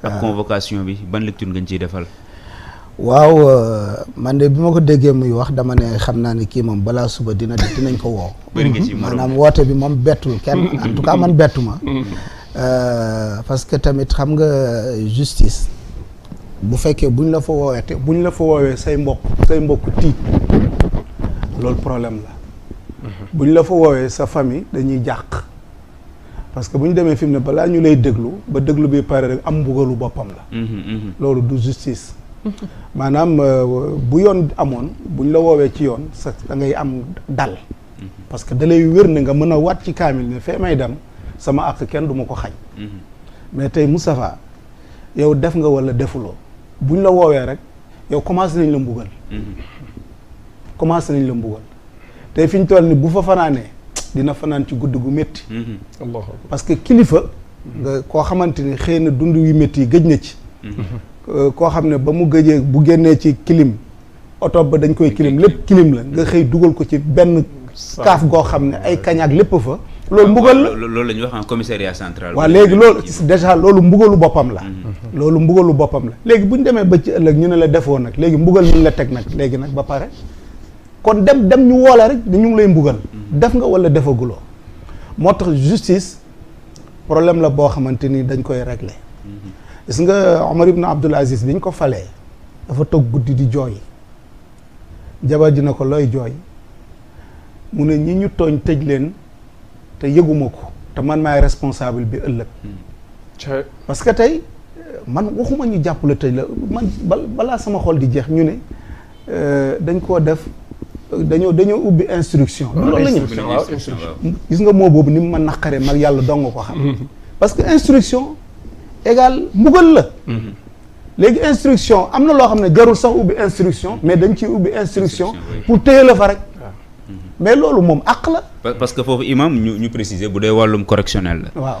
ak ah. convocation bi ban lecture nga ñu ciy defal. waaw euh, man de bi ma ko déggee muy wax dama ne xam naa ne kii moom balaa suba dina dinañ ko woo. Mhm. maanaam woote bi moom bettul kenn en tout man bettu ma. Mhm. Euh, parce que tamit xam nga euh, justice. bu fekkee buñ la fa woowee te buñ la fa woowee say mbokk say mbokk tiit loolu problème la. Mhm. buñ la fa woowee sa famille dañuy jàq. parce que bu ñu demee fi mu ne balaa ñu lay déglu ba déglu bii pare rek am mbugalu boppam la. Mhm, mhm. loolu du justice. maanaam euh, bu yoon amoon bu ñu la woowee ci yoon sax da ngay am dal. Mhm. parce que da lay wér ne nga mën a wat ci kaamil ne fee may dem sama àq kenn du ma ko xañ. mais tey Moustapha yow def nga wala defuloo bu ñu la woowee rek yow commencé nañ la mbugal. commencé nañ la mbugal tey fi ñu toll ni bu fa fanaanee dina fanaan ci gudd gu métti mhm. parce que kilifa nga koo xamante ni xëy na dund yu métti yi gëj na ci mhm. euh, koo xam ne ba mu gëjee bu génnee ci kilim oto ba dañ koy kilim lépp kilim la nga xëy dugal ko ci benn kaaf goo xam ne ay kañaak lépp fa loolu ah, mbugal la loolu la ñuy wax commissariat central waaw léegi loolu déjà loolu mbugalu boppam la mhm. loolu mbugalu boppam la léegi bu ñu demee ba ci ëllëg ñu ne la defoo nag léegi mbugal mi ñu la teg nag léegi nag ba pare kon dem dem ñu woola rek ñu ngi lay mbugal. def nga wala defaguloo. moo tax justice problème la boo xamante ni dañ koy régler. gis nga Omar ibn Abdul Aziz bi ñu ko falee dafa toog guddi di jooy. jabar ji na ko looy jooy mu ne ñi ñu tooñ tëj leen te yëguma ko te man maay responsable bi ëllëg. parce que tey man waxuma ñu jàpp la tëj la man balaa sama xol di jeex ñu ne euh, dañ koo def. dañoo dañoo ubbi instruction. loolu la ñu gis nga moo boobu ni mu ma naqaree mag yàlla dong ko xam. Mm-hmm. parce que instruction égal mbugal la. Mm-hmm. léegi instruction am na loo xam ne jarul sax ubbi instruction mais dañ ciy ubbi instruction pour téye la fa rek. Ah. mais loolu moom àq la. parce que foofu imam ñu ñu préciser bu dee wàllum correctionnel la. waaw.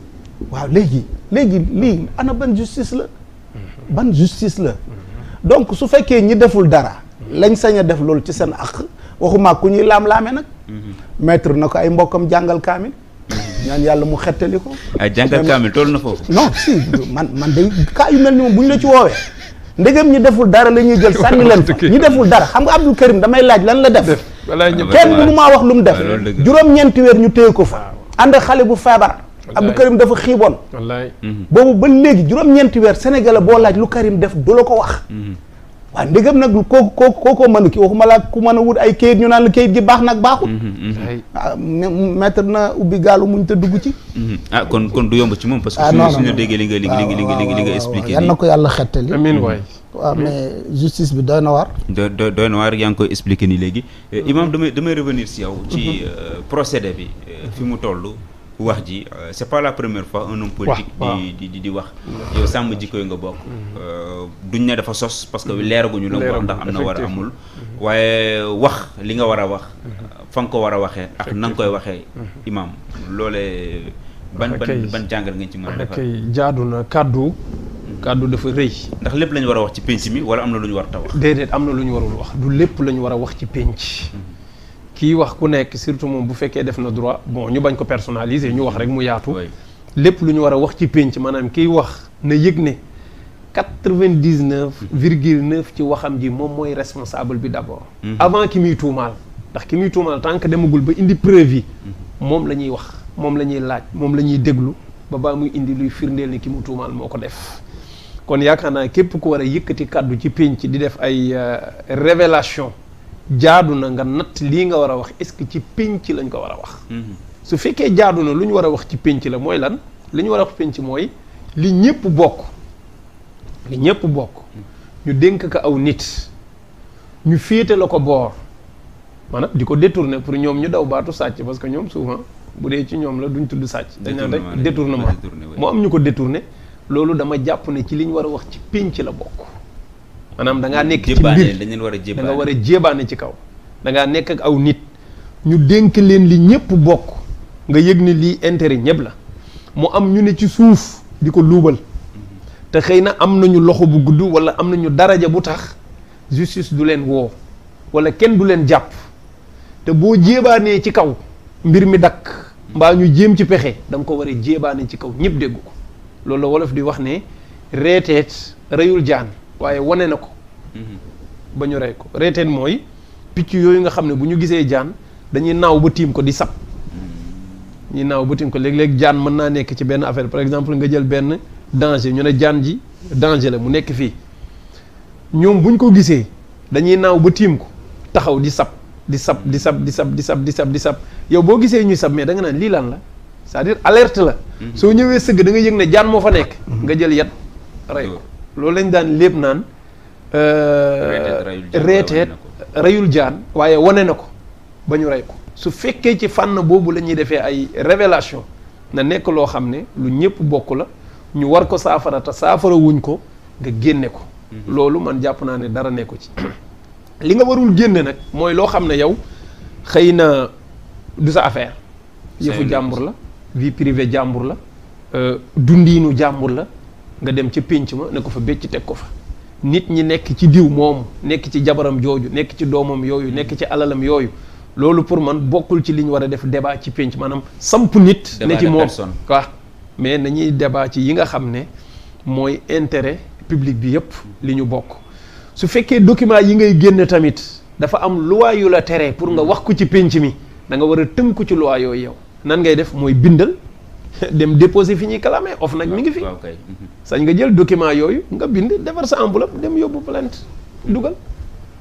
waaw léegi léegi lii ana ban justice la ban justice la donc su fekkee ñi deful dara lañ sañ a def loolu ci seen aq waxuma ku ñuy laam-laame nag maître na ko ay mbokkam jàngal kaamil ñaan yàlla mu xettali ko jàngal kaamil toll na foofu non si man man day kaa yu mel ni moom bu ñu la ci woowee ndegam ñi deful dara la ñuy jël sànni leen fa ñi deful dara xam nga Abdou Karim damay laaj lan la def kenn mënu maa wax lu mu def juróom-ñeenti weer ñu téye ko fa ànd xale bu feebar Abdou Karim dafa xiiboon wallaay mhm. boobu ba léegi juróom-ñeenti weer sénégalais boo laaj lu Karim def du la ko wax mhm. waaw ndegam nag koo koo kookoo mënu ki waxuma laa ku mën a wut ay kayit ñu naan la kayit gi baax nag baaxut mhm, ah mettre na ubbi gaalu muñ te dugg ci ah kon kon du yomb ci moom parce que ah, suñu déggee li nga li nga li nga li nga expliqué yal na ko yàlla xettali amiin waay waaw mais justice bi doy na waar doy doy na waar yaa ngi koy ni léegi euh, imam damay damay revenir si yow ci euh, procédé bi euh, fi mu toll wax ji euh, c'est pas la première fois un homme politique di di di wax yow sàmm jikko yi nga bokk mm-hmm. euh, duñ ne dafa sos parce que mm-hmm. leeraguñu la wax ndax am na war a amul mm-hmm. waaye euh, wax li nga war a wax fa nga ko war a waxee ak na nga koy waxee imaam loolee ban ban ban jàngal nga ci mën a defar jaadu na kàddu kàddu dafa rëy ndax lépp lañu war a wax ci pénc mi wala am na lu ñu war ta wax déedéet am na lu ñu warul wax du lépp lañu war a wax ci pénc kiy wax ku nekk surtout moom bu fekkee def na droit bon ñu bañ ko personnaliser ñu wax rek mu yaatu. lépp lu ñu war a wax ci pénc maanaam kiy wax na yëg ne quatre-vingt-dix-neuf virgule neuf ci waxam ji moom mooy responsable bi d'abord. Mhm. avant ki muy tuumaal ndax ki muy tuumaal tant que demagul ba indi preuve mhm. moom la ñuy wax moom la ñuy laaj moom la ñuy déglu ba baa muy indi luy firndeel ni ki mu tuumaal moo ko def. kon yaakaar naa képp ku war a yëkkati kàddu ci pénc di def ay euh, révélation jaadu na nga natt lii nga war a wax est-ce que ci pénc lañ ko war a wax. Mhm. su fekkee jaadu na lu ñu war a wax ci pénc la mooy lan li ñu war a wax mooy li ñëpp bokk ñëpp bokk ñu dénk ko aw nit ñu ko boor maanaam di ko détourner pour ñoom ñu daw baatu sàcc parce que ñoom souvent bu dee ci ñoom la duñ tudd sàcc. dañ naan rek détournement moo am ñu ko détourner loolu dama jàpp ne ci li ñu war a wax ci pénc la bokk. maanaam da ngaa nekk ci mbir dañ leen war a jébaane war a jébaane ci kaw da nekk ak aw nit ñu dénk leen li ñëpp bokk nga yëg ni lii intérêt ñëpp la mu am ñu ne ci suuf di ko luubal te xëy na am nañu loxo bu gudd wala am nañu daraja bu tax justice du leen woo wala kenn du leen jàpp te boo jébaanee ci kaw mbir mi dakk mbaa ñu jéem ci pexe danga ko war a jébaane ci kaw ñëpp dégg ko loolu la wolof di wax ne reeteet reyul jaan waaye wane na ko. Mhm. ba ñu rey ko reeteen mooy picc yooyu nga xam ne bu ñu gisee jaan dañuy naaw ba tiim ko di sab. Mhm. ñu naaw ba tiim ko léeg-léeg jaan mën naa nekk ci benn affaire par exemple nga jël benn danger ñu ne jaan ji danger la mu nekk fii ñoom bu ñu ko gisee dañuy naaw ba tiim ko taxaw di sab di sab di sab di sab di sab di sab di sab yow boo gisee ñuy sab mais da nga naan lii lan la cest à alerte la. Mhm. soo ñëwee sëgg da nga yëg ne jaan moo fa nekk. nga jël yat rey ko. loolu lañ daan lépp naan. reeteet euh, reyul jaan waaye wane na ko ba ñu rey ko. su fekkee ci fànn boobu la ñuy defee ay révélation na nekk loo xam ne lu ñëpp bokk la ñu war ko saafarata saafarawuñ ko nga génne ko. Mhm. loolu man jàpp naa ne dara nekku ci. li nga warul génne nag mooy loo xam ne yow xëy na du sa affaire. yëfu jàmbur la vie privée jàmbur la. Euh, dundiinu jàmbur la. nga dem ca pénc ma ne ko fa bécc teg ko fa nit ñi nekk ci diw moom nekk ci jabaram jooju nekk ci doomam yooyu mm. nekk ci alalam yooyu loolu pour man bokkul ci li ñu war a def débat ci pénc maanaam samp nit ne ci moom waaw mais nañuy débat ci yi nga xam ne mooy intérêt public bi yëpp li ñu bokk su fekkee document yi ngay génn tamit dafa am loi yu la tere pour nga mm. wax ko ci pénc mi da nga war a ko ci loi yooyu yow nan ngay def mooy bindal dem déposé fi ñuy clamé of nag mi ngi fi mhm. sañ nga jël document yooyu nga bind defar sa enveloppe dem yóbbu plainte dugal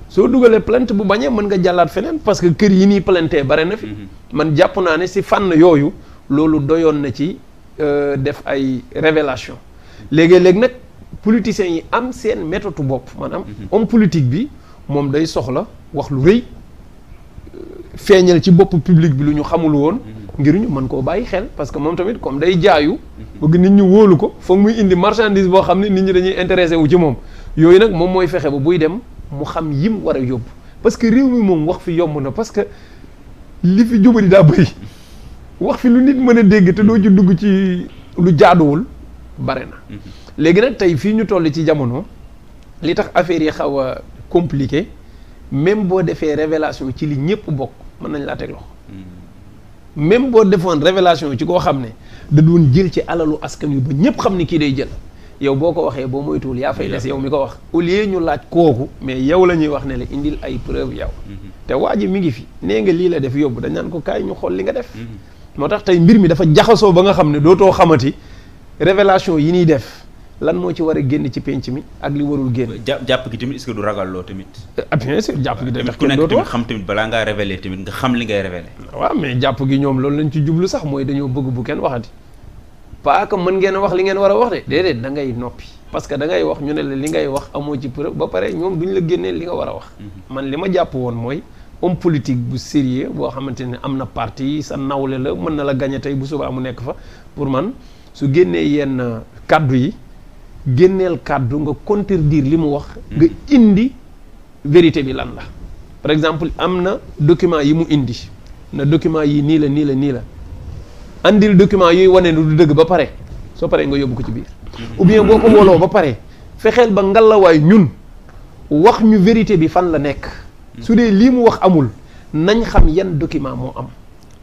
soo dugalee plainte bu bañee mën nga jàllaat feneen parce que kër yi nii plainte bare na fi mhm. man jàpp naa ne si fànn yooyu loolu doyoon na ci euh, def ay révélation léegi léeg nag politiciens yi am seen méthode bopp maanaam mhm. homme politique bi moom day soxla wax lu rëy euh, feeñal ci bopp publique bi lu ñu xamul woon ngir ñu mën koo bàyyi xel parce que moom tamit comme day jaayu bëgg nit ñu wóolu ko foog muy indi marchandise boo xam ne nit ñi dañuy intéressé wu ci moom yooyu nag moom mooy fexe ba buy dem mu xam yi mu war a yóbbu parce que réew mi moom wax fi yomb na parce que li fi jubari daa bëri wax fi lu nit mën a dégg te doo ci dugg ci lu jaaduwul bare na léegi nag tey fii ñu toll ci jamono li tax affaire yi xaw a compliqué même boo defee révélation ci li ñëpp bokk mën nañ laa même boo defoon révélation ci koo xam ne da doon jël ci alalu askan wi ba ñëpp xam ni kii day jël yow boo ko waxee boo moytuwul yaa fay des yow mi ko wax au lieu ñu laaj kooku mais yow la ñuy wax ne la indil ay preuve yow mhm. te waa ji mi ngi fi nee nga lii la def yobbu dañ naan ko kaay ñu xool li nga def mhm. moo tax tey mbir mi dafa jaxasoo ba nga xam ne dootoo xamati révélation yi ñuy def lan moo ci war a génn ci penc mi ak li warul génn. jàpp gi tamit est-ce du ragal loo tamit. ah bien jàpp gi tamit ku nekk tamit xam tamit balaa ngaa révéler tamit nga xam li ngay révéler. waaw mais jàpp gi ñoom loolu lañ ci jublu sax mooy dañoo bëgg bu kenn waxati pas que mën ngeen wax li ngeen war a wax de déedéet da ngay noppi parce que da ngay wax ñu ne la li ngay wax amoo ci preuve ba pare ñoom ñu la génnee li nga war a wax. Mhm. man li ma jàpp woon mooy. homme politique bu sérieux boo xamante ne am na parti sa nawle la mën na la gañe tey bu subaa mu nekk fa pour man su génnee yenn kàddu yi. génneel kàddu nga contredire li mu wax. nga indi vérité bi lan la. par exemple am na document yi mu indi na document yi nii la nii la nii la andil document yooyu wane ne du dëgg ba pare soo paree nga yóbbu ko ci biir. ou bien boo ko woloo ba pare fexeel ba ngalawaay ñun wax ñu vérité bi fan la nekk. su dee lii mu wax amul nañ xam yan document moo am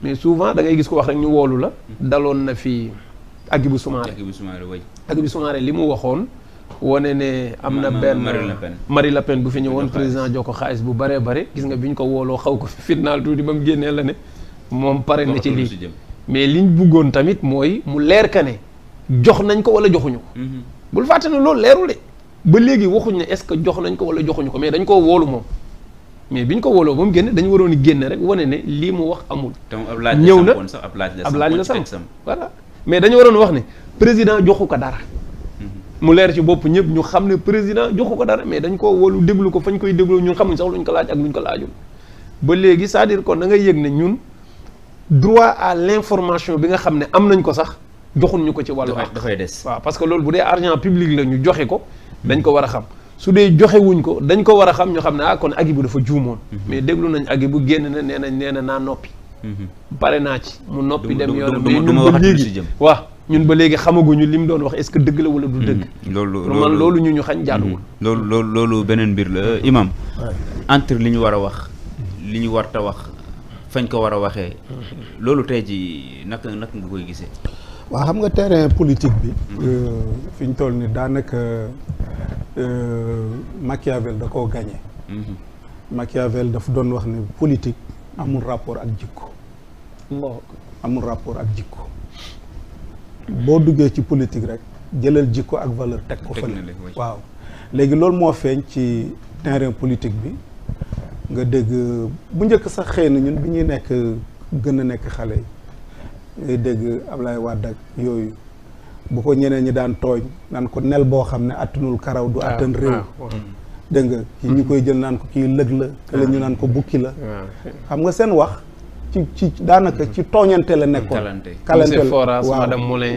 mais souvent da ngay gis ko wax rek ñu woolu la daloon na fi. Hadjibou Soumaré Hadjibou Soumaré oui. Hadjibou Soumaré li mu waxoon. wane ne am na benn Marie Le Pen bu fi ñëwoon président jox ko xaalis bu baree bare gis nga bi ñu ko wooloo xaw ko fitnaal tuuti ba mu génnee la ne moom pare na ci lii mais li liñ buggoon tamit mooy mu leer ka ne jox nañ ko wala joxuñu ko mhm. bul fàtte loolu leerul de ba léegi waxuñ ne est-ce que jox nañ ko wala joxuñu ko mais dañ koo woolu moom mais biñ ko wooloo ba mu génne dañu waroon génnee rek wane ne lii wax amul ñëw na ab laaj la sam voilà mais dañu waroon wax ni président joxu ko dara mm-hmm. mu leer ci bopp ñëpp ñu xam ne président joxu ko dara mais dañ koo wolu déglu ko fañ koy déglu ñun xamuñ sax luñ ko laaj ak luñ ko laajul ba léegi cest kon da ngay yëg ne ñun droit à l'information bi nga xam ne am nañ ko sax joxuñ ñu ko ci wàllu ak dafay des parce que loolu bu dee argent public la ñu joxe ko dañ ko war a xam su dee joxewuñ ko dañ ko war a xam ñu xam ne ah kon ag agi bu dafa juumoon mm-hmm. mais déglu nañ agi bu génn na nee nañ nee na naa noppi pare naa ci mu noppi dem yoonam mais ñun ba léegi xamaguñu li mu doon wax est-ce que dëgg la wala du mm-hmm. dëgg loolu pour loolu ñu ñu xañ jaaduwul mm-hmm. loolu loolu loolu beneen mbir la mm-hmm. imam entre li ñu war a wax li ñu warta wax fañ ko war a waxee loolu tey ji naka naka nga koy gisee waaw xam nga terrain politique bi euh, fi ñu toll ni daanaka euh, Machiavel da koo gagné Machiavel daf doon wax ne politique amul rapport ak jikko amul rapport ak jikko boo duggee ci politique rek jëlal jikko ak valeur teg ko fële waaw léegi loolu moo feeñ ci terrain politique bi nga dégg bu njëkk sax xëy na ñun bi ñuy nekk gën a nekk xale yi ngay dégg Ablaye Wade ak yooyu bu ko ñeneen ñi daan tooñ naan ko nel boo xam ne attanul karaw du ah, attan réew ah, dégg nga kii ñu hmm. koy jël naan ko kii lëg la kële ñu ah. naan ko bukki la ah. xam nga seen wax ci ci daanaka ci hmm. tooñante la nekkoon kalante waaw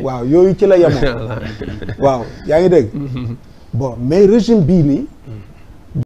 waaw yooyu ci la yemoon waaw yaa ngi dégg hmm. bon mais régime bi nii